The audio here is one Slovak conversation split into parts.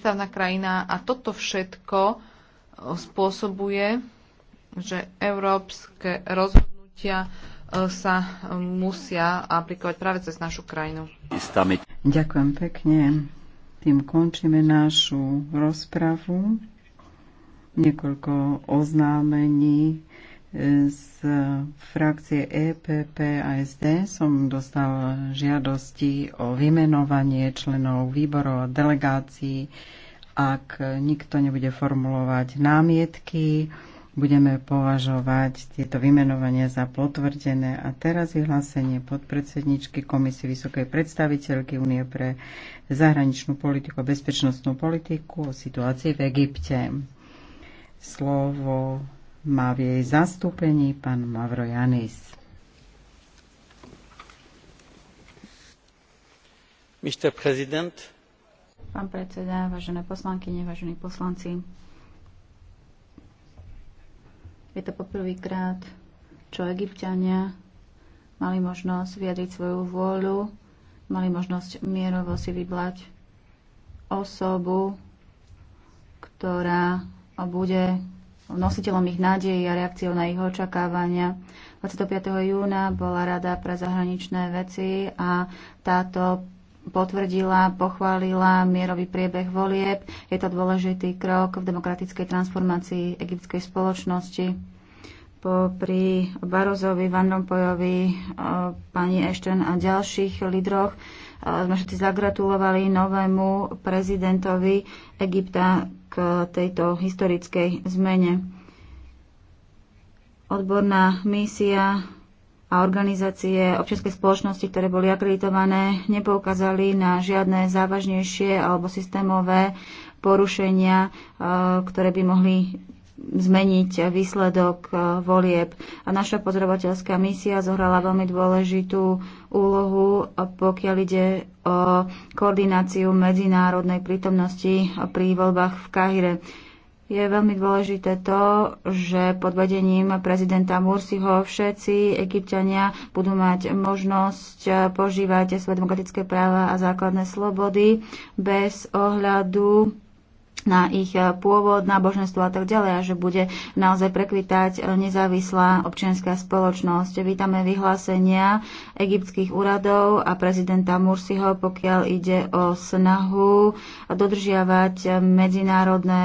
stavná krajina a toto všetko eh, spôsobuje, že európske rozhodnutia eh, sa eh, musia aplikovať práve cez našu krajinu. Ďakujem pekne. Tým končíme našu rozpravu. Niekoľko oznámení z frakcie EPP a SD som dostal žiadosti o vymenovanie členov výborov a delegácií. Ak nikto nebude formulovať námietky, budeme považovať tieto vymenovania za potvrdené. A teraz vyhlásenie podpredsedničky Komisie Vysokej predstaviteľky Únie pre zahraničnú politiku a bezpečnostnú politiku o situácii v Egypte. Slovo má v jej zastúpení pán Mavro Janis. Mr. President. Pán predseda, vážené poslankyne, vážení poslanci. Je to poprvýkrát, čo egyptiania mali možnosť vyjadriť svoju vôľu, mali možnosť mierovo si vyblať osobu, ktorá bude nositeľom ich nádeje a reakciou na ich očakávania. 25. júna bola Rada pre zahraničné veci a táto potvrdila, pochválila mierový priebeh volieb. Je to dôležitý krok v demokratickej transformácii egyptskej spoločnosti. Po pri Barozovi, Van Rompuyovi, eh, pani Ešten a ďalších lídroch eh, sme všetci zagratulovali novému prezidentovi Egypta k tejto historickej zmene. Odborná misia a organizácie občianskej spoločnosti, ktoré boli akreditované, nepoukázali na žiadne závažnejšie alebo systémové porušenia, e, ktoré by mohli zmeniť výsledok e, volieb. A naša pozorovateľská misia zohrala veľmi dôležitú úlohu, pokiaľ ide o koordináciu medzinárodnej prítomnosti e, pri voľbách v Kahire. Je veľmi dôležité to, že pod vedením prezidenta Mursiho všetci egyptiania budú mať možnosť e, požívať svoje demokratické práva a základné slobody bez ohľadu na ich e, pôvod, náboženstvo a tak ďalej a že bude naozaj prekvitať e, nezávislá občianská spoločnosť. Vítame vyhlásenia egyptských úradov a prezidenta Mursiho, pokiaľ ide o snahu dodržiavať e, medzinárodné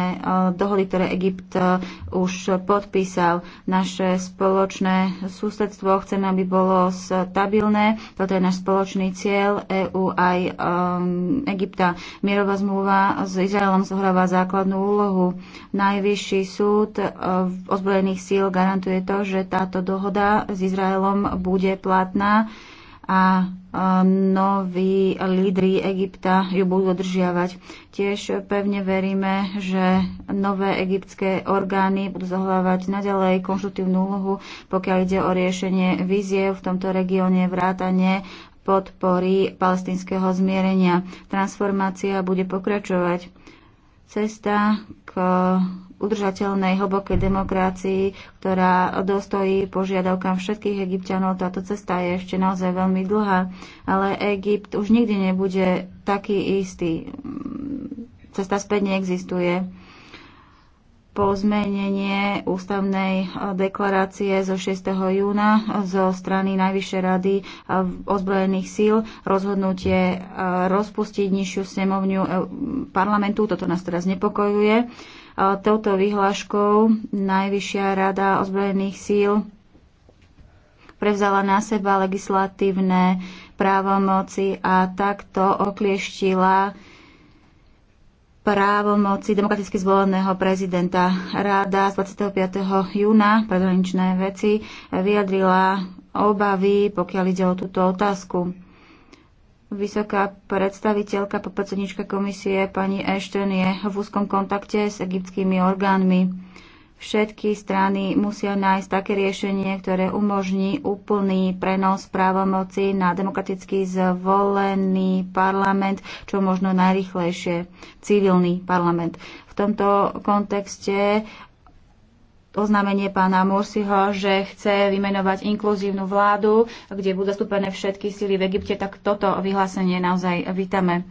dohody, ktoré Egypt už podpísal. Naše spoločné susedstvo chceme, aby bolo stabilné. Toto je náš spoločný cieľ EU aj um, Egypta. Mierová zmluva s Izraelom zohráva základnú úlohu. Najvyšší súd eh, ozbrojených síl garantuje to, že táto dohoda s Izraelom bude platná a eh, noví lídry Egypta ju budú dodržiavať. Tiež pevne veríme, že nové egyptské orgány budú zohľavať naďalej konštruktívnu úlohu, pokiaľ ide o riešenie víziev v tomto regióne vrátane podpory palestinského zmierenia. Transformácia bude pokračovať cesta k udržateľnej hlbokej demokracii, ktorá dostojí požiadavkám všetkých egyptianov. Táto cesta je ešte naozaj veľmi dlhá, ale Egypt už nikdy nebude taký istý. Cesta späť neexistuje pozmenenie ústavnej eh, deklarácie zo 6. júna zo strany Najvyššej rady eh, ozbrojených síl rozhodnutie eh, rozpustiť nižšiu snemovňu parlamentu. Toto nás teraz nepokojuje. Touto vyhláškou Najvyššia rada ozbrojených síl prevzala na seba legislatívne právomoci a takto oklieštila právomoci demokraticky zvoleného prezidenta. Ráda z 25. júna predhraničné veci vyjadrila obavy, pokiaľ ide o túto otázku. Vysoká predstaviteľka, podpredsednička komisie pani Ashton je v úzkom kontakte s egyptskými orgánmi. Všetky strany musia nájsť také riešenie, ktoré umožní úplný prenos právomoci na demokraticky zvolený parlament, čo možno najrychlejšie, civilný parlament. V tomto kontexte oznámenie pána Mursiho, že chce vymenovať inkluzívnu vládu, kde budú zastúpené všetky síly v Egypte, tak toto vyhlásenie naozaj vítame.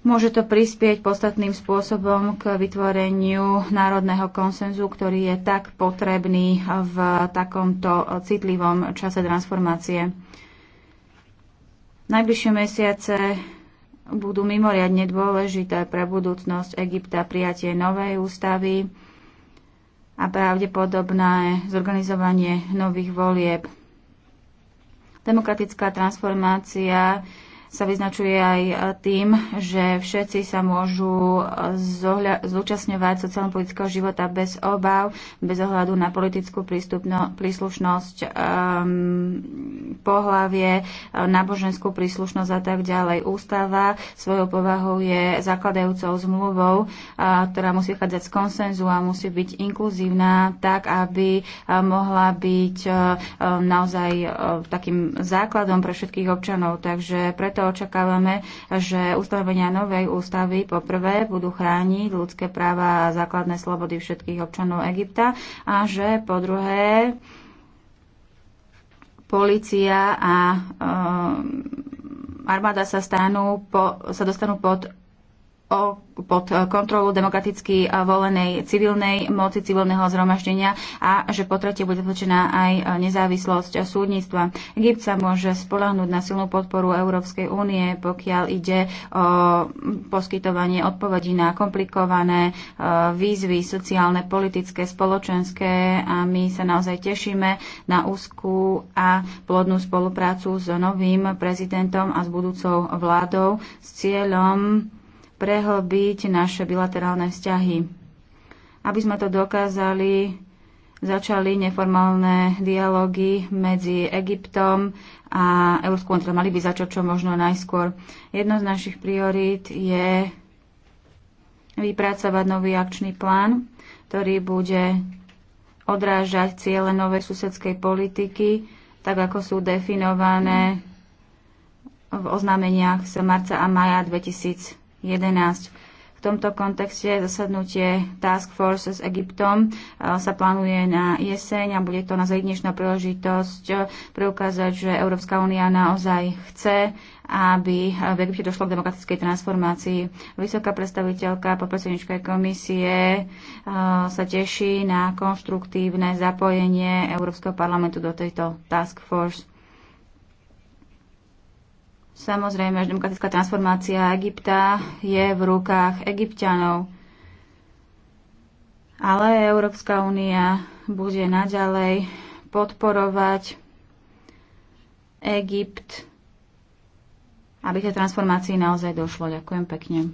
Môže to prispieť podstatným spôsobom k vytvoreniu národného konsenzu, ktorý je tak potrebný v takomto citlivom čase transformácie. Najbližšie mesiace budú mimoriadne dôležité pre budúcnosť Egypta prijatie novej ústavy a pravdepodobné zorganizovanie nových volieb. Demokratická transformácia sa vyznačuje aj e, tým, že všetci sa môžu e, zúčastňovať sociálno-politického života bez obav, bez ohľadu na politickú príslušnosť, um, pohlavie, e, náboženskú príslušnosť a tak ďalej. Ústava svojou povahou je zakladajúcou zmluvou, ktorá musí vychádzať z konsenzu a musí byť inkluzívna tak, aby mohla byť naozaj takým základom pre všetkých občanov. Takže preto preto očakávame, že ustanovenia novej ústavy poprvé budú chrániť ľudské práva a základné slobody všetkých občanov Egypta a že po druhé policia a um, armáda sa, stanú po, sa dostanú pod o, pod kontrolu demokraticky volenej civilnej moci, civilného zhromaždenia a že po tretie bude vlčená aj nezávislosť súdnictva. Egypt sa môže spolahnúť na silnú podporu Európskej únie, pokiaľ ide o poskytovanie odpovedí na komplikované e, výzvy sociálne, politické, spoločenské a my sa naozaj tešíme na úzkú a plodnú spoluprácu s novým prezidentom a s budúcou vládou s cieľom prehlbiť naše bilaterálne vzťahy. Aby sme to dokázali, začali neformálne dialógy medzi Egyptom a Európskou úniou. Teda mali by začať čo možno najskôr. Jedno z našich priorít je vypracovať nový akčný plán, ktorý bude odrážať ciele novej susedskej politiky, tak ako sú definované v oznámeniach z marca a maja 2020 2011. V tomto kontexte zasadnutie Task Force s Egyptom e, sa plánuje na jeseň a bude to na dnešná príležitosť e, preukázať, že Európska únia naozaj chce aby e, v Egypte došlo k demokratickej transformácii. Vysoká predstaviteľka, podpredsednička komisie sa teší na konštruktívne zapojenie Európskeho parlamentu do tejto task force. Samozrejme, že demokratická transformácia Egypta je v rukách egyptianov. Ale Európska únia bude naďalej podporovať Egypt, aby tej transformácii naozaj došlo. Ďakujem pekne.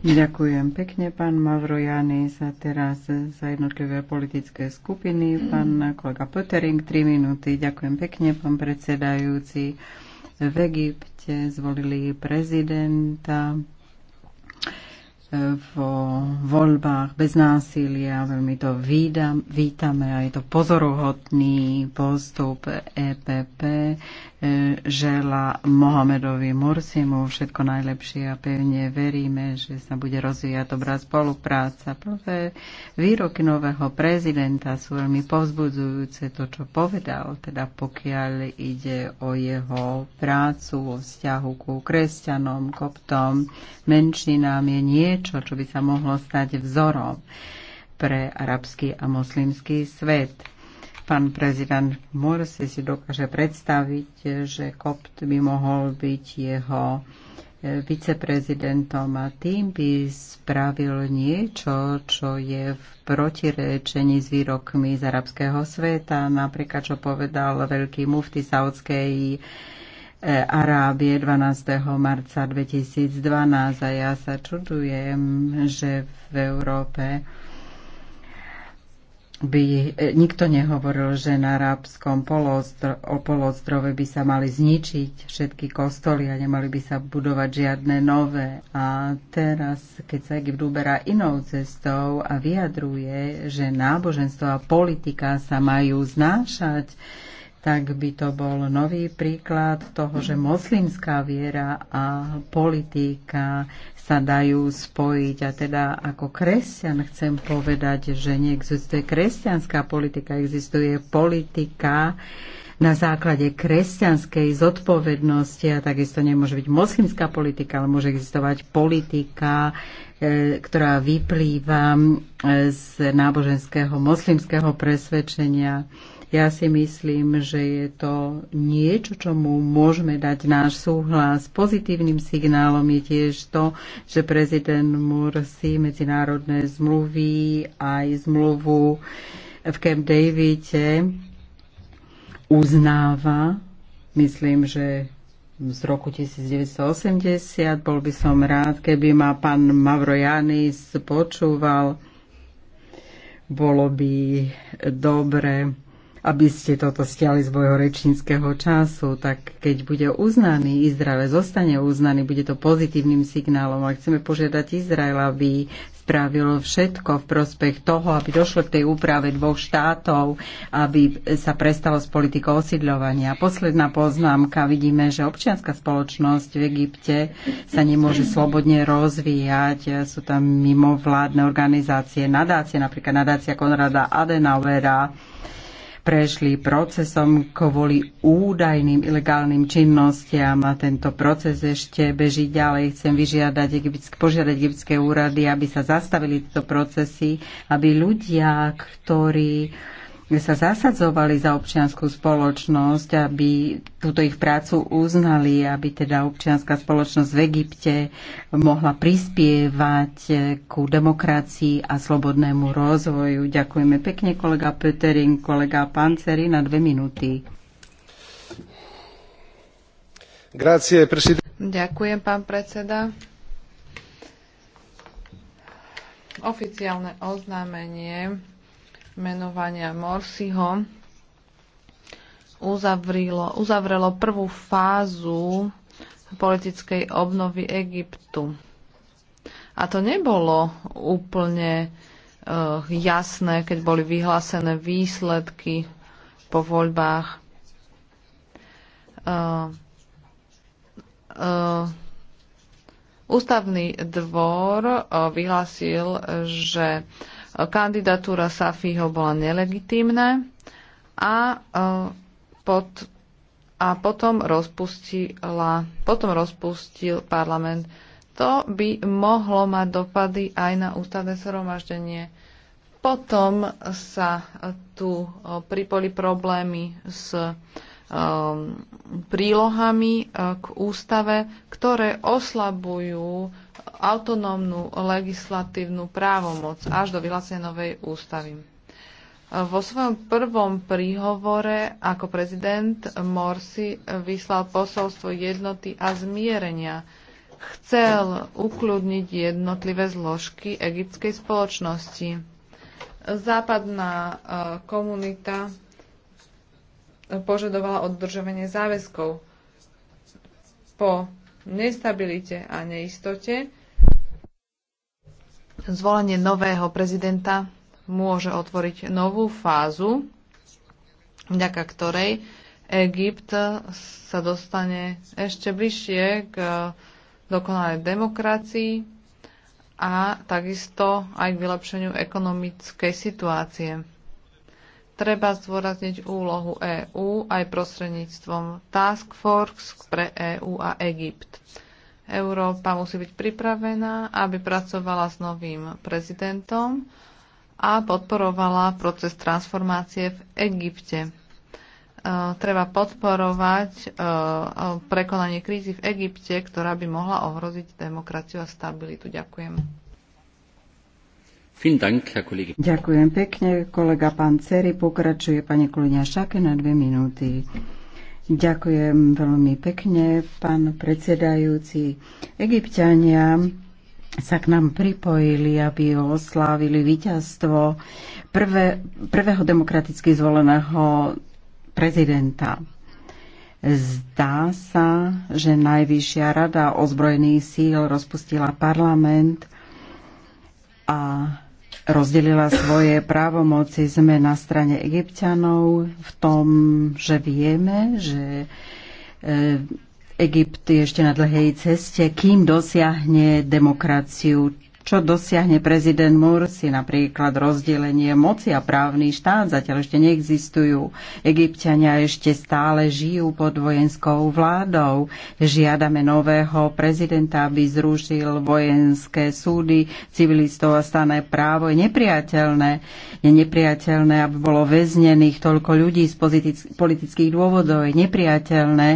Ďakujem pekne, pán Mavrojany, za teraz za jednotlivé politické skupiny. Pán kolega Pötering, 3 minúty. Ďakujem pekne, pán predsedajúci. V Egypte zvolili prezidenta vo voľbách bez násilia. Veľmi to vídam, vítame a je to pozoruhodný postup EPP. E, žela Mohamedovi Mursimu všetko najlepšie a pevne veríme, že sa bude rozvíjať dobrá spolupráca. Prvé výroky nového prezidenta sú veľmi povzbudzujúce to, čo povedal, teda pokiaľ ide o jeho prácu, o vzťahu ku kresťanom, koptom, menšinám je nie niečo, čo by sa mohlo stať vzorom pre arabský a moslimský svet. Pán prezident Morsi si dokáže predstaviť, že Kopt by mohol byť jeho eh, viceprezidentom a tým by spravil niečo, čo je v protirečení s výrokmi z arabského sveta, napríklad čo povedal veľký mufti Saudskej E, Arábie 12. marca 2012 a ja sa čudujem, že v Európe by e, nikto nehovoril, že na arábskom polostro, o polostrove by sa mali zničiť všetky kostoly a nemali by sa budovať žiadne nové. A teraz, keď sa Egypt uberá inou cestou a vyjadruje, že náboženstvo a politika sa majú znášať, tak by to bol nový príklad toho, že moslimská viera a politika sa dajú spojiť. A teda ako kresťan chcem povedať, že neexistuje kresťanská politika, existuje politika na základe kresťanskej zodpovednosti a takisto nemôže byť moslimská politika, ale môže existovať politika, e, ktorá vyplýva e, z náboženského moslimského presvedčenia. Ja si myslím, že je to niečo, čomu môžeme dať náš súhlas. Pozitívnym signálom je tiež to, že prezident Mursi medzinárodné zmluvy aj zmluvu v Camp Davide uznáva. Myslím, že z roku 1980. Bol by som rád, keby ma pán Mavrojanis počúval. Bolo by dobre, aby ste toto stiali z svojho rečníckého času, tak keď bude uznaný Izrael, zostane uznaný, bude to pozitívnym signálom a chceme požiadať Izrael, aby spravil všetko v prospech toho, aby došlo k tej úprave dvoch štátov, aby sa prestalo s politikou osidľovania. Posledná poznámka, vidíme, že občianská spoločnosť v Egypte sa nemôže slobodne rozvíjať, sú tam mimovládne organizácie, nadácie, napríklad nadácia Konrada Adenauera, prešli procesom kvôli údajným ilegálnym činnostiam a tento proces ešte beží ďalej. Chcem vyžiadať, požiadať egyptské úrady, aby sa zastavili tieto procesy, aby ľudia, ktorí sme sa zasadzovali za občianskú spoločnosť, aby túto ich prácu uznali, aby teda občianská spoločnosť v Egypte mohla prispievať ku demokracii a slobodnému rozvoju. Ďakujeme pekne kolega Petering, kolega Panceri na dve minúty. Grazie, Ďakujem, pán predseda. Oficiálne oznámenie menovania Morsiho uzavrilo, uzavrelo prvú fázu politickej obnovy Egyptu. A to nebolo úplne uh, jasné, keď boli vyhlásené výsledky po voľbách. Uh, uh, ústavný dvor uh, vyhlásil, že uh, kandidatúra Safiho bola nelegitímna a, e, pod, a potom, rozpustila, potom rozpustil parlament. To by mohlo mať dopady aj na ústavné zhromaždenie. Potom sa tu e, pripoli problémy s e, prílohami k ústave, ktoré oslabujú autonómnu legislatívnu právomoc až do vyhlásenia novej ústavy. Vo svojom prvom príhovore ako prezident Morsi vyslal posolstvo jednoty a zmierenia. Chcel ukludniť jednotlivé zložky egyptskej spoločnosti. Západná e, komunita požadovala oddržovanie záväzkov. Po nestabilite a neistote, zvolenie nového prezidenta môže otvoriť novú fázu, vďaka ktorej Egypt sa dostane ešte bližšie k dokonalej demokracii a takisto aj k vylepšeniu ekonomickej situácie treba zdôrazniť úlohu EÚ aj prostredníctvom Task Force pre EÚ a Egypt. Európa musí byť pripravená, aby pracovala s novým prezidentom a podporovala proces transformácie v Egypte. E, treba podporovať e, e, prekonanie krízy v Egypte, ktorá by mohla ohroziť demokraciu a stabilitu. Ďakujem. Ďakujem pekne, kolega pán Ceri. Pokračuje pani kolegyňa Šake na dve minúty. Ďakujem veľmi pekne, pán predsedajúci. Egyptiania sa k nám pripojili, aby oslávili víťazstvo prvé, prvého demokraticky zvoleného prezidenta. Zdá sa, že Najvyššia rada ozbrojených síl rozpustila parlament a rozdelila svoje právomoci. Sme na strane egyptianov v tom, že vieme, že e, Egypt je ešte na dlhej ceste, kým dosiahne demokraciu čo dosiahne prezident Mursi, napríklad rozdelenie moci a právny štát zatiaľ ešte neexistujú. Egyptiania ešte stále žijú pod vojenskou vládou. Žiadame nového prezidenta, aby zrušil vojenské súdy civilistov a stané právo. Je nepriateľné, je nepriateľné, aby bolo väznených toľko ľudí z politických dôvodov. Je nepriateľné,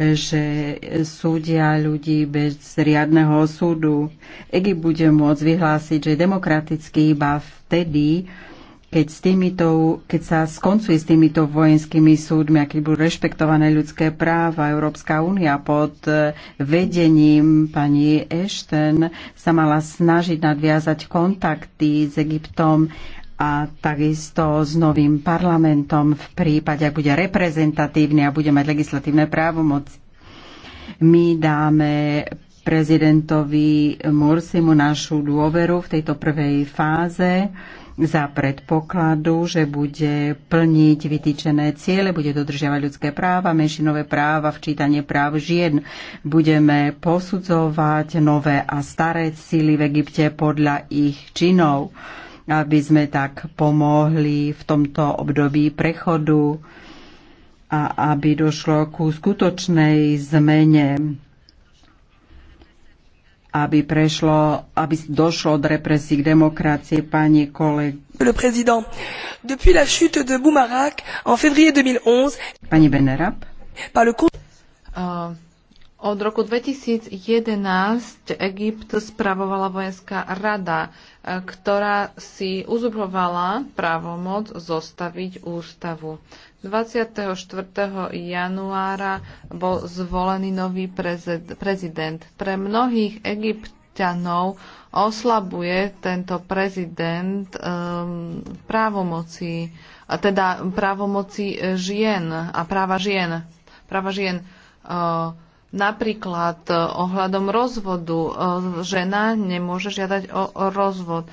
že súdia ľudí bez riadneho súdu. Egypt bude môcť vyhlásiť, že je demokratický iba vtedy, keď, s týmito, keď sa skoncuje s týmito vojenskými súdmi a keď budú rešpektované ľudské práva, Európska únia pod eh, vedením pani Ashton sa mala snažiť nadviazať kontakty s Egyptom a takisto s novým parlamentom v prípade, ak bude reprezentatívny a bude mať legislatívne právomoci. My dáme prezidentovi Mursimu našu dôveru v tejto prvej fáze za predpokladu, že bude plniť vytýčené ciele, bude dodržiavať ľudské práva, menšinové práva, včítanie práv žien. Budeme posudzovať nové a staré síly v Egypte podľa ich činov aby sme tak pomohli v tomto období prechodu a aby došlo ku skutočnej zmene aby prešlo, aby došlo od represí k demokracii, pani koleg. Le président, depuis la chute de Boumarak en février 2011, pani Benerab, par le coup... uh, od roku 2011 Egypt spravovala vojenská rada, e, ktorá si uzurpovala právomoc zostaviť ústavu. 24. januára bol zvolený nový prezident. Pre mnohých egyptianov oslabuje tento prezident um, právomoci, e, teda právomoci žien a práva žien. Práva žien uh, Napríklad e, ohľadom rozvodu e, žena nemôže žiadať o rozvod.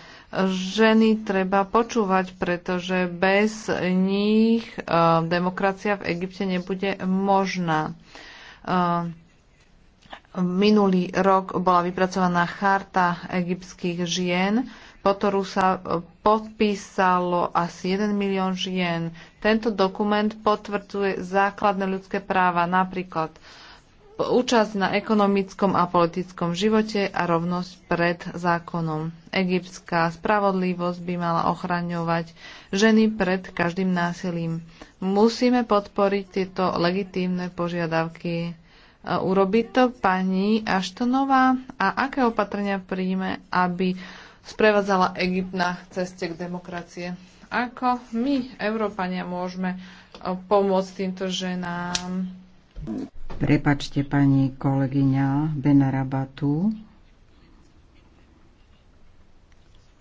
Ženy treba počúvať, pretože bez nich e, demokracia v Egypte nebude možná. Minulý rok bola vypracovaná charta egyptských žien, po ktorú sa podpísalo asi 1 milión žien. Tento dokument potvrdzuje základné ľudské práva, napríklad uh, účasť na ekonomickom a politickom živote a rovnosť pred zákonom. Egyptská spravodlivosť by mala ochraňovať ženy pred každým násilím. Musíme podporiť tieto legitímne požiadavky. E, Urobí to pani Aštonová a aké opatrenia príjme, aby sprevádzala Egypt na ceste k demokracie? Ako my, Európania, môžeme e, pomôcť týmto ženám? Prepačte, pani kolegyňa Benarabatu.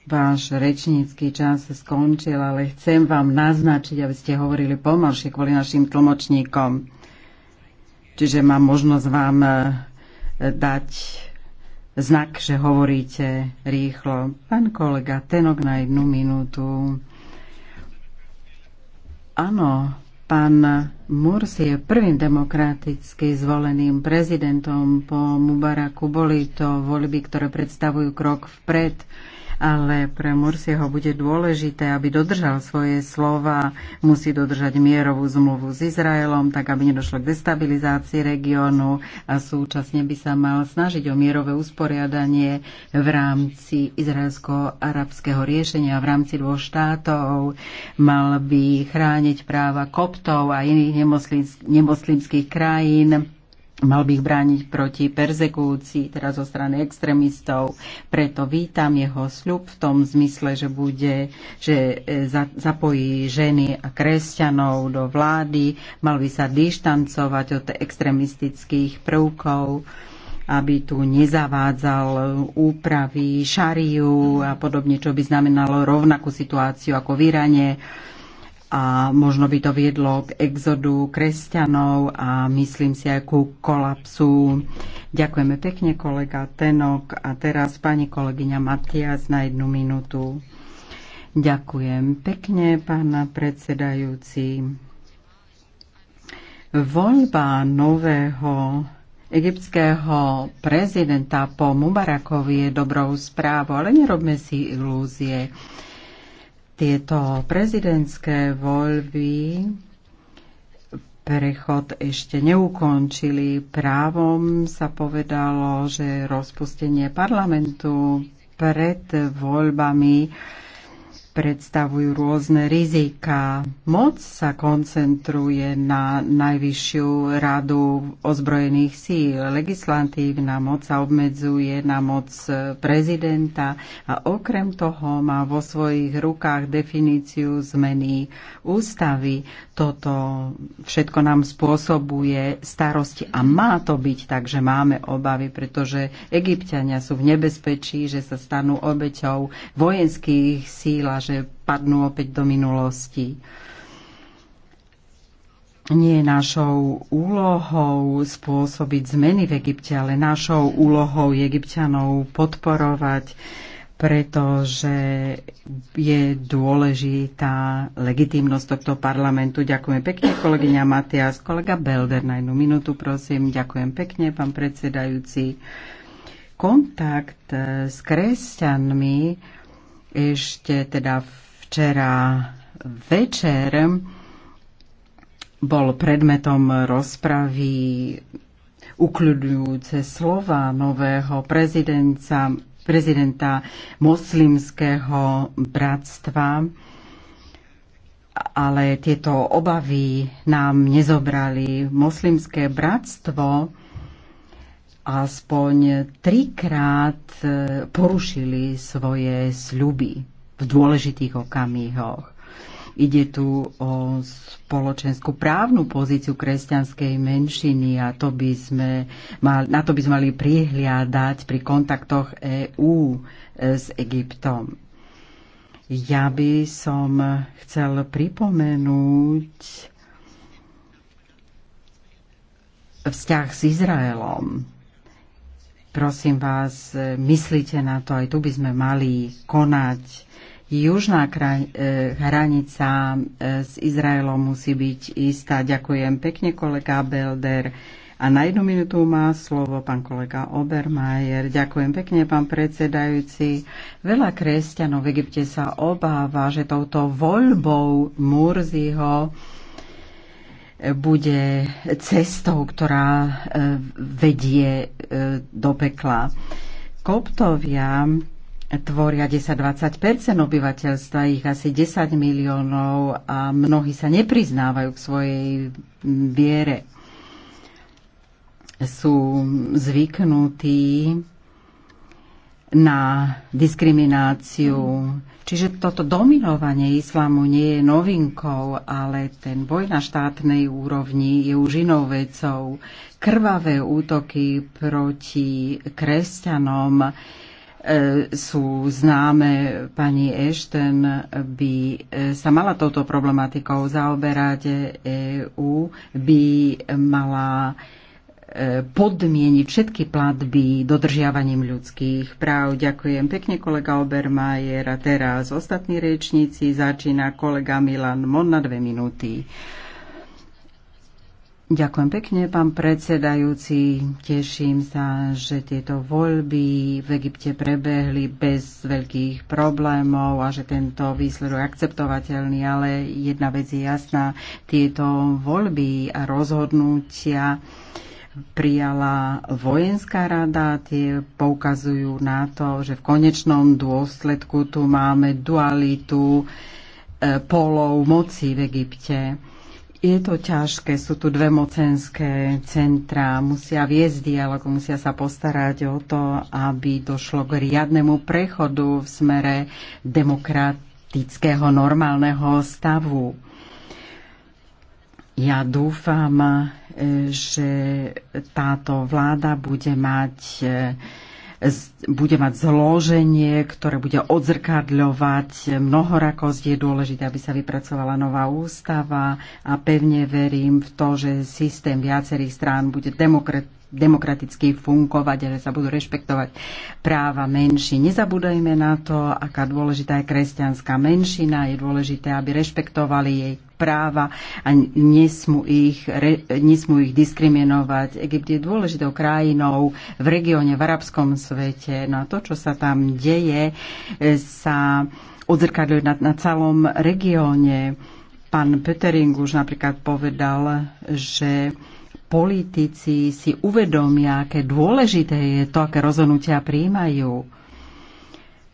Váš rečnícky čas skončil, ale chcem vám naznačiť, aby ste hovorili pomalšie kvôli našim tlmočníkom. Čiže mám možnosť vám e, dať znak, že hovoríte rýchlo. Pán kolega, tenok na jednu minútu. Áno, Pán Mursi je prvým demokraticky zvoleným prezidentom po Mubaraku. Boli to voľby, ktoré predstavujú krok vpred ale pre Mursieho bude dôležité, aby dodržal svoje slova, musí dodržať mierovú zmluvu s Izraelom, tak aby nedošlo k destabilizácii regiónu a súčasne by sa mal snažiť o mierové usporiadanie v rámci izraelsko-arabského riešenia v rámci dvoch štátov, mal by chrániť práva koptov a iných nemoslimských krajín mal by ich brániť proti perzekúcii, teda zo strany extrémistov. Preto vítam jeho sľub v tom zmysle, že bude, že e, zapojí ženy a kresťanov do vlády, mal by sa dištancovať od extrémistických prvkov aby tu nezavádzal úpravy šariu a podobne, čo by znamenalo rovnakú situáciu ako v Irane a možno by to viedlo k exodu kresťanov a myslím si aj ku kolapsu. Ďakujeme pekne, kolega Tenok. A teraz pani kolegyňa Matias na jednu minútu. Ďakujem pekne, pána predsedajúci. Voľba nového egyptského prezidenta po Mubarakovi je dobrou správou, ale nerobme si ilúzie. Tieto prezidentské voľby prechod ešte neukončili. Právom sa povedalo, že rozpustenie parlamentu pred voľbami predstavujú rôzne riziká. Moc sa koncentruje na najvyššiu radu ozbrojených síl. Legislatívna moc sa obmedzuje na moc prezidenta a okrem toho má vo svojich rukách definíciu zmeny ústavy. Toto všetko nám spôsobuje starosti a má to byť, takže máme obavy, pretože Egyptiania sú v nebezpečí, že sa stanú obeťou vojenských síl a že padnú opäť do minulosti. Nie je našou úlohou spôsobiť zmeny v Egypte, ale našou úlohou Egyptianov podporovať, pretože je dôležitá legitimnosť tohto parlamentu. Ďakujem pekne, kolegyňa Matias. Kolega Belder, na jednu minútu, prosím. Ďakujem pekne, pán predsedajúci. Kontakt eh, s kresťanmi ešte teda včera večer bol predmetom rozpravy ukľudňujúce slova nového prezidenta, prezidenta moslimského bratstva, ale tieto obavy nám nezobrali. Moslimské bratstvo aspoň trikrát e, porušili svoje sľuby v dôležitých okamihoch. Ide tu o spoločenskú právnu pozíciu kresťanskej menšiny a to by sme mal, na to by sme mali prihliadať pri kontaktoch EÚ e, s Egyptom. Ja by som chcel pripomenúť vzťah s Izraelom Prosím vás, myslíte na to, aj tu by sme mali konať. Južná kraj, e, hranica e, s Izraelom musí byť istá. Ďakujem pekne, kolega Belder. A na jednu minútu má slovo pán kolega Obermajer. Ďakujem pekne, pán predsedajúci. Veľa kresťanov v Egypte sa obáva, že touto voľbou Murziho bude cestou, ktorá e, vedie e, do pekla. Koptovia tvoria 10-20 obyvateľstva, ich asi 10 miliónov a mnohí sa nepriznávajú k svojej viere. Sú zvyknutí na diskrimináciu, Čiže toto dominovanie islamu nie je novinkou, ale ten boj na štátnej úrovni je už inou vecou. Krvavé útoky proti kresťanom e, sú známe. Pani Ešten by e, sa mala touto problematikou zaoberať. EU e by mala podmieniť všetky platby dodržiavaním ľudských práv. Ďakujem pekne kolega Obermajer a teraz ostatní rečníci začína kolega Milan Mon na dve minúty. Ďakujem pekne, pán predsedajúci. Teším sa, že tieto voľby v Egypte prebehli bez veľkých problémov a že tento výsledok je akceptovateľný, ale jedna vec je jasná. Tieto voľby a rozhodnutia prijala vojenská rada. Tie poukazujú na to, že v konečnom dôsledku tu máme dualitu e, polov moci v Egypte. Je to ťažké, sú tu dve mocenské centra, musia viesť dialog, musia sa postarať o to, aby došlo k riadnemu prechodu v smere demokratického normálneho stavu ja dúfam, e, že táto vláda bude mať e, bude mať zloženie, ktoré bude odzrkadľovať mnohorakosť. Je dôležité, aby sa vypracovala nová ústava a pevne verím v to, že systém viacerých strán bude demokrat, demokraticky fungovať a že sa budú rešpektovať práva menší. Nezabúdajme na to, aká dôležitá je kresťanská menšina. Je dôležité, aby rešpektovali jej práva a nesmú ich, re, nesmú ich diskriminovať. Egypt je dôležitou krajinou v regióne, v arabskom svete. No a to, čo sa tam deje, e, sa odzrkadľuje na, na celom regióne. Pán Petering už napríklad povedal, že politici si uvedomia, aké dôležité je to, aké rozhodnutia príjmajú,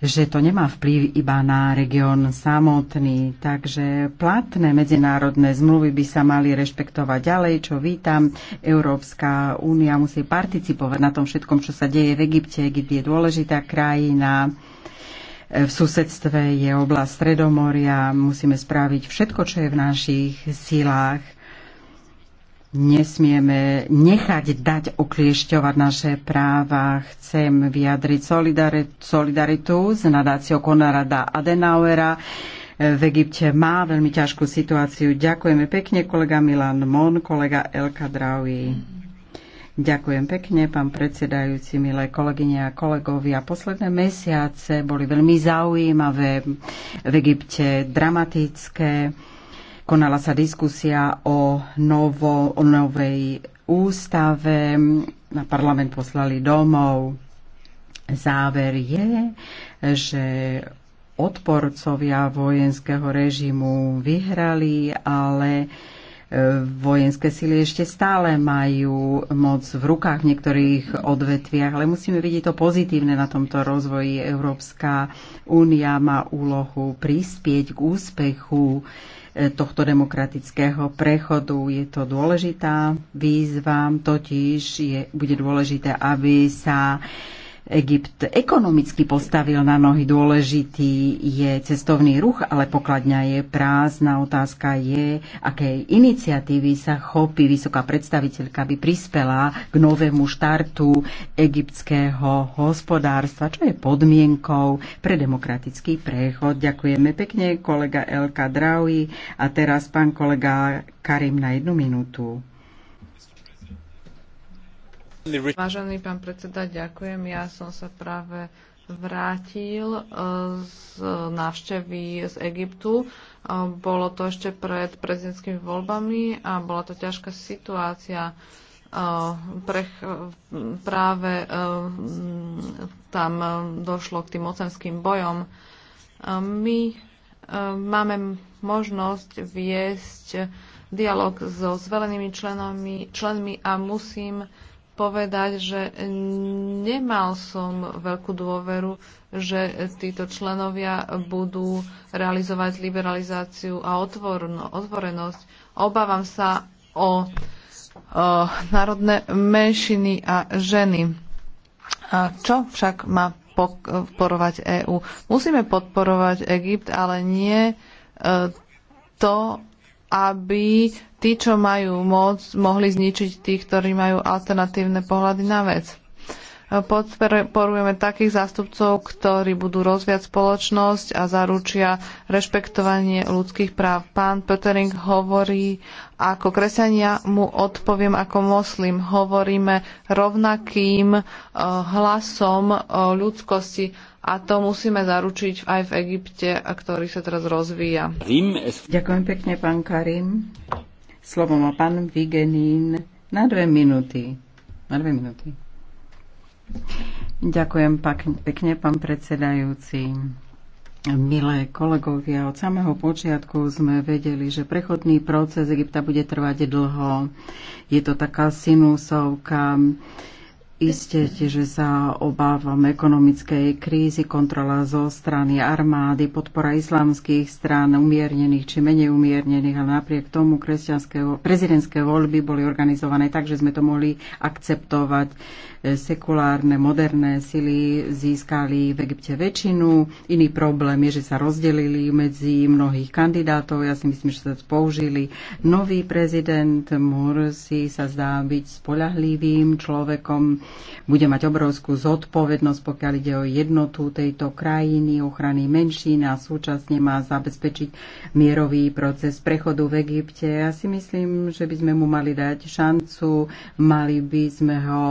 že to nemá vplyv iba na región samotný. Takže platné medzinárodné zmluvy by sa mali rešpektovať ďalej, čo vítam. Európska únia musí participovať na tom všetkom, čo sa deje v Egypte. Egypt je dôležitá krajina. V susedstve je oblasť Stredomoria. Musíme spraviť všetko, čo je v našich silách nesmieme nechať dať okliešťovať naše práva. Chcem vyjadriť solidaritu s nadáciou Konrada Adenauera. V Egypte má veľmi ťažkú situáciu. Ďakujeme pekne kolega Milan Mon, kolega Elka Draui. Ďakujem pekne, pán predsedajúci, milé kolegyne a kolegovia. Posledné mesiace boli veľmi zaujímavé v Egypte, dramatické Konala sa diskusia o, novo, o novej ústave, na parlament poslali domov. Záver je, že odporcovia vojenského režimu vyhrali, ale e, vojenské sily ešte stále majú moc v rukách v niektorých odvetviach, ale musíme vidieť to pozitívne na tomto rozvoji. Európska únia má úlohu prispieť k úspechu E, tohto demokratického prechodu. Je to dôležitá výzva, totiž je, bude dôležité, aby sa Egypt ekonomicky postavil na nohy. Dôležitý je cestovný ruch, ale pokladňa je prázdna. Otázka je, aké iniciatívy sa chopí vysoká predstaviteľka by prispela k novému štartu egyptského hospodárstva, čo je podmienkou pre demokratický prechod. Ďakujeme pekne kolega Elka Draui a teraz pán kolega Karim na jednu minútu. Vážený pán predseda, ďakujem. Ja som sa práve vrátil e, z návštevy z Egyptu. E, bolo to ešte pred prezidentskými voľbami a bola to ťažká situácia. E, pre práve tam došlo k tým mocenským bojom. My máme možnosť viesť dialog so zvelenými členami, členmi a musím povedať, že nemal som veľkú dôveru, že títo členovia budú realizovať liberalizáciu a otvorno, otvorenosť. Obávam sa o, o národné menšiny a ženy. A čo však má podporovať EÚ? Musíme podporovať Egypt, ale nie e, to, aby tí, čo majú moc, mohli zničiť tých, ktorí majú alternatívne pohľady na vec. Podporujeme takých zástupcov, ktorí budú rozviať spoločnosť a zaručia rešpektovanie ľudských práv. Pán Petering hovorí, ako kresťania mu odpoviem ako moslim. Hovoríme rovnakým eh, hlasom ľudskosti a to musíme zaručiť aj v Egypte, ktorý sa teraz rozvíja. Ďakujem pekne, pán Karim. Slovo má pán Vigenín na dve minúty. Na dve minúty. Ďakujem pekne, pán predsedajúci. Milé kolegovia, od samého počiatku sme vedeli, že prechodný proces Egypta bude trvať dlho. Je to taká sinusovka. Isté, že sa obávam ekonomickej krízy, kontrola zo strany armády, podpora islamských strán, umiernených či menej umiernených, ale napriek tomu kresťanské prezidentské voľby boli organizované tak, že sme to mohli akceptovať sekulárne, moderné sily získali v Egypte väčšinu. Iný problém je, že sa rozdelili medzi mnohých kandidátov. Ja si myslím, že sa použili. Nový prezident Mursi sa zdá byť spolahlivým človekom. Bude mať obrovskú zodpovednosť, pokiaľ ide o jednotu tejto krajiny, ochrany menšín a súčasne má zabezpečiť mierový proces prechodu v Egypte. Ja si myslím, že by sme mu mali dať šancu, mali by sme ho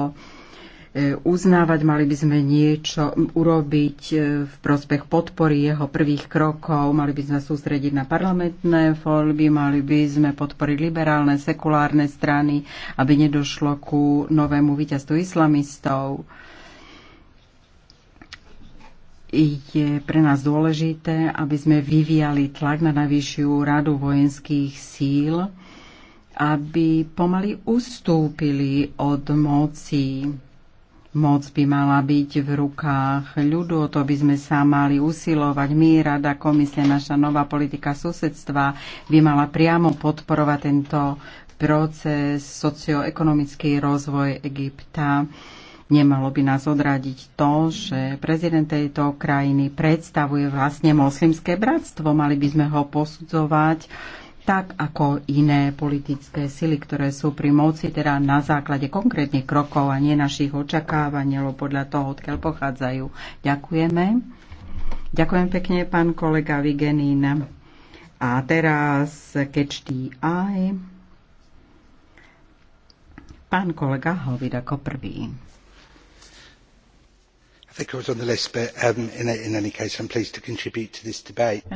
uznávať, mali by sme niečo urobiť e, v prospech podpory jeho prvých krokov, mali by sme sústrediť na parlamentné voľby, mali by sme podporiť liberálne, sekulárne strany, aby nedošlo ku novému víťazstvu islamistov. Je pre nás dôležité, aby sme vyvíjali tlak na najvyššiu radu vojenských síl, aby pomaly ustúpili od moci Moc by mala byť v rukách ľudu, o to by sme sa mali usilovať. My, Rada, Komisia, naša nová politika susedstva by mala priamo podporovať tento proces, socioekonomický rozvoj Egypta. Nemalo by nás odradiť to, že prezident tejto krajiny predstavuje vlastne moslimské bratstvo. Mali by sme ho posudzovať tak ako iné politické sily, ktoré sú pri moci, teda na základe konkrétnych krokov a nie našich očakávaní, alebo podľa toho, odkiaľ pochádzajú. Ďakujeme. Ďakujem pekne, pán kolega Vigenín. A teraz kečtí aj pán kolega Hovid ako prvý. Ja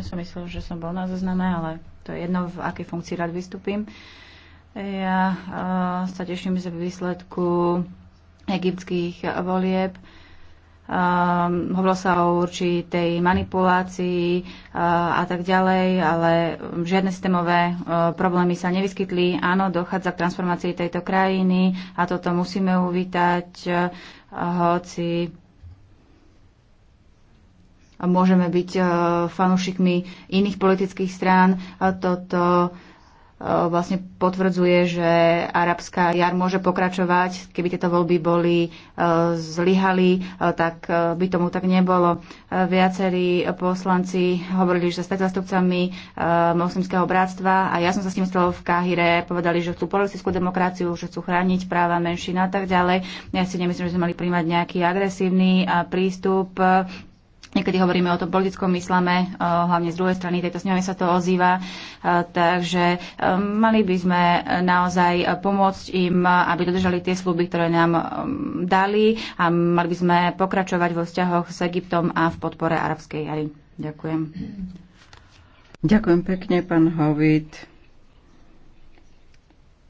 som myslel, že som bol na zozname, ale to je jedno, v akej funkcii rád vystúpim. Ja uh, sa teším z výsledku egyptských volieb. Um, hovorilo sa o určitej manipulácii uh, a tak ďalej, ale žiadne systémové uh, problémy sa nevyskytli. Áno, dochádza k transformácii tejto krajiny a toto musíme uvítať, uh, hoci môžeme byť e, fanúšikmi iných politických strán. E, toto e, vlastne potvrdzuje, že arabská jar môže pokračovať. Keby tieto voľby boli zlyhali, tak by tomu tak nebolo. Viacerí poslanci hovorili, že sa stretli zastupcami moslimského bratstva a ja som sa s tým stretol v Káhire. Povedali, že chcú politickú demokraciu, že chcú chrániť práva menšina a tak ďalej. Ja si nemyslím, že sme mali príjmať nejaký agresívny prístup Niekedy hovoríme o tom politickom myslame, hlavne z druhej strany tejto snemy sa to ozýva, takže mali by sme naozaj pomôcť im, aby dodržali tie sluby, ktoré nám dali a mali by sme pokračovať vo vzťahoch s Egyptom a v podpore arabskej jary. Ďakujem. Ďakujem pekne, pán Hovit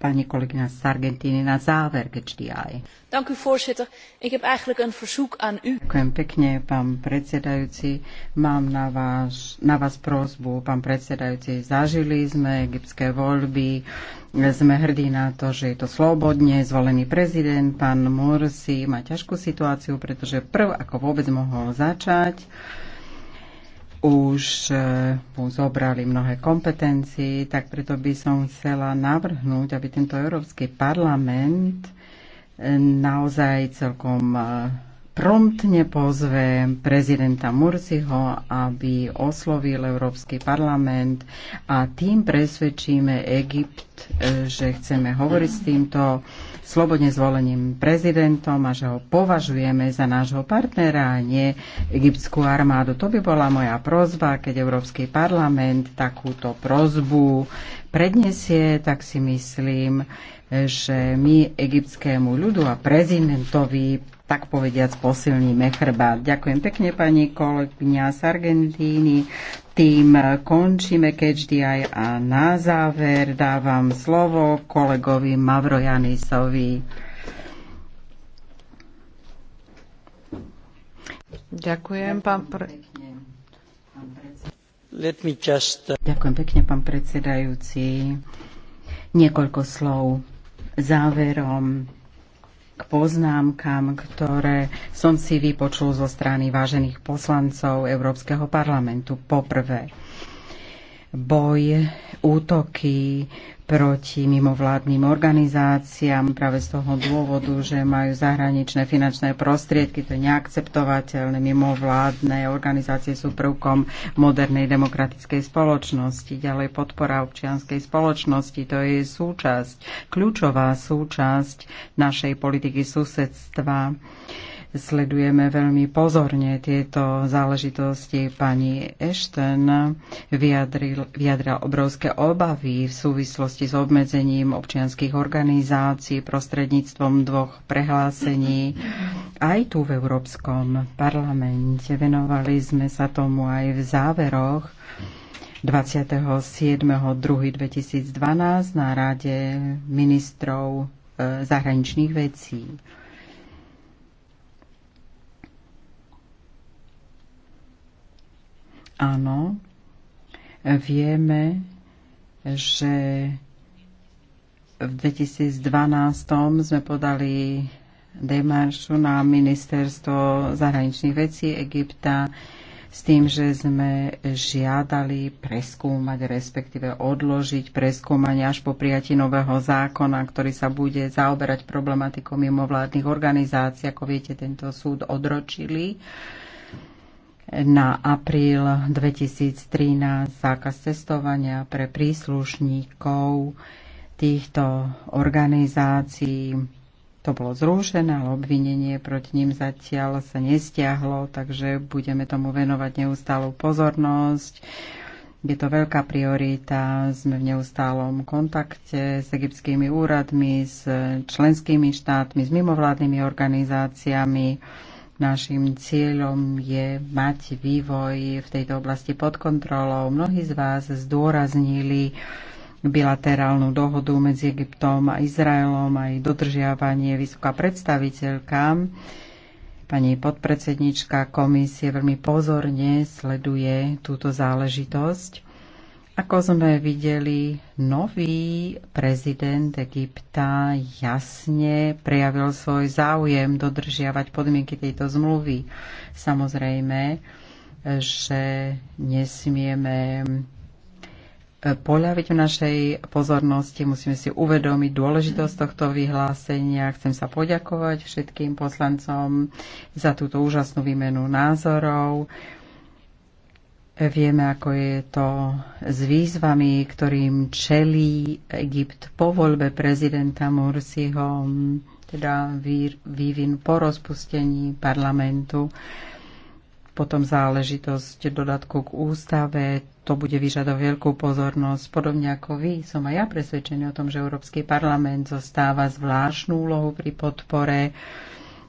pani kolegyňa Sargentini, na záver KHDI. Ďakujem pekne, pán predsedajúci. Mám na, váš, na vás prozbu, pán predsedajúci. Zažili sme egyptské voľby, sme hrdí na to, že je to slobodne zvolený prezident. Pán Morsi má ťažkú situáciu, pretože prv, ako vôbec mohol začať, uh, už eh, mu zobrali mnohé kompetencie, tak preto by som chcela navrhnúť, aby tento Európsky parlament eh, naozaj celkom eh, promptne pozve prezidenta Mursiho, aby oslovil Európsky parlament a tým presvedčíme Egypt, e, že chceme hovoriť s týmto slobodne zvoleným prezidentom a že ho považujeme za nášho partnera a nie egyptskú armádu. To by bola moja prozba, keď Európsky parlament takúto prozbu predniesie, tak si myslím, e, že my egyptskému ľudu a prezidentovi tak povediac posilníme chrbát. Ďakujem pekne pani kolegyňa z Argentíny. Tým končíme KHDI a na záver dávam slovo kolegovi Mavrojanisovi. Ďakujem, pán pre... Just... Uh- Ďakujem pekne, pán predsedajúci. Niekoľko slov záverom k poznámkam, ktoré som si vypočul zo strany vážených poslancov Európskeho parlamentu. Poprvé, boj, útoky proti mimovládnym organizáciám práve z toho dôvodu, že majú zahraničné finančné prostriedky. To je neakceptovateľné. Mimovládne organizácie sú prvkom modernej demokratickej spoločnosti. Ďalej podpora občianskej spoločnosti. To je súčasť, kľúčová súčasť našej politiky susedstva sledujeme veľmi pozorne tieto záležitosti. Pani Ashton vyjadril, vyjadril obrovské obavy v súvislosti s obmedzením občianských organizácií prostredníctvom dvoch prehlásení. Aj tu v Európskom parlamente venovali sme sa tomu aj v záveroch 27.2.2012 na Rade ministrov e, zahraničných vecí. Áno, vieme, že v 2012 sme podali demaršu na ministerstvo zahraničných vecí Egypta s tým, že sme žiadali preskúmať, respektíve odložiť preskúmanie až po prijatí nového zákona, ktorý sa bude zaoberať problematikou mimovládnych organizácií. Ako viete, tento súd odročili. Uh, na apríl 2013 zákaz cestovania pre príslušníkov týchto organizácií. To bolo zrušené, ale obvinenie proti ním zatiaľ sa nestiahlo, takže budeme tomu venovať neustálú pozornosť. Je to veľká priorita, sme v neustálom kontakte s egyptskými úradmi, s členskými štátmi, s mimovládnymi organizáciami Našim cieľom je mať vývoj v tejto oblasti pod kontrolou. Mnohí z vás zdôraznili bilaterálnu dohodu medzi Egyptom a Izraelom, aj dodržiavanie vysoká predstaviteľka. Pani podpredsednička komisie veľmi pozorne sleduje túto záležitosť ako sme videli, nový prezident Egypta jasne prejavil svoj záujem dodržiavať podmienky tejto zmluvy. Samozrejme, že nesmieme e, poľaviť v našej pozornosti, musíme si uvedomiť dôležitosť tohto vyhlásenia. Chcem sa poďakovať všetkým poslancom za túto úžasnú výmenu názorov Vieme, ako je to s výzvami, ktorým čelí Egypt po voľbe prezidenta Mursiho, teda vývin po rozpustení parlamentu, potom záležitosť dodatku k ústave, to bude vyžadovať veľkú pozornosť. Podobne ako vy, som aj ja presvedčený o tom, že Európsky parlament zostáva zvláštnu úlohu pri podpore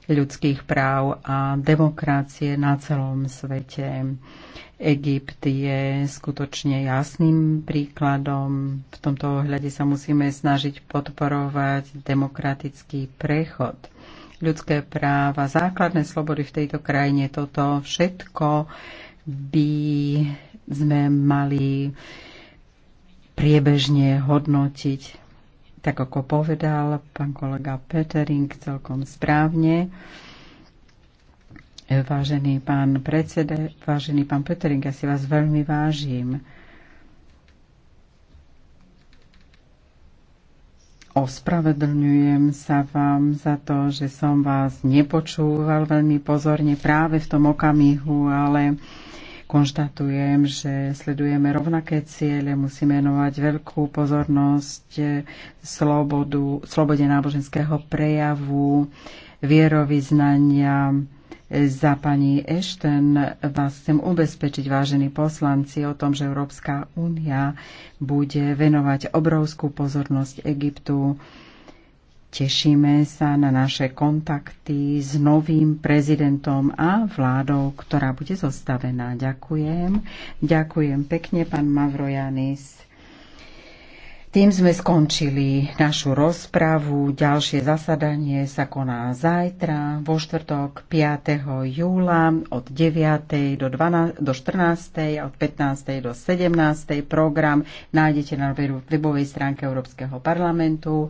ľudských práv a demokracie na celom svete. Egypt je skutočne jasným príkladom. V tomto ohľade sa musíme snažiť podporovať demokratický prechod. Ľudské práva, základné slobody v tejto krajine, toto všetko by sme mali priebežne hodnotiť tak ako povedal pán kolega Petering celkom správne. Vážený pán predsede, vážený pán Petering, ja si vás veľmi vážim. Ospravedlňujem sa vám za to, že som vás nepočúval veľmi pozorne práve v tom okamihu, ale Konštatujem, že sledujeme rovnaké ciele, musíme venovať veľkú pozornosť slobodu, slobode náboženského prejavu, vierovýznania. Za pani Ešten vás chcem ubezpečiť, vážení poslanci, o tom, že Európska únia bude venovať obrovskú pozornosť Egyptu Tešíme sa na naše kontakty s novým prezidentom a vládou, ktorá bude zostavená. Ďakujem. Ďakujem pekne, pán Mavrojanis. Tým sme skončili našu rozpravu. Ďalšie zasadanie sa koná zajtra, vo štvrtok 5. júla od 9. do, 12, do 14. a od 15. do 17. Program nájdete na webovej stránke Európskeho parlamentu.